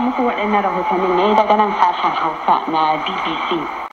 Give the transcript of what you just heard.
muku waɗannan rahotannin ne daga nan sashen hausa na bbc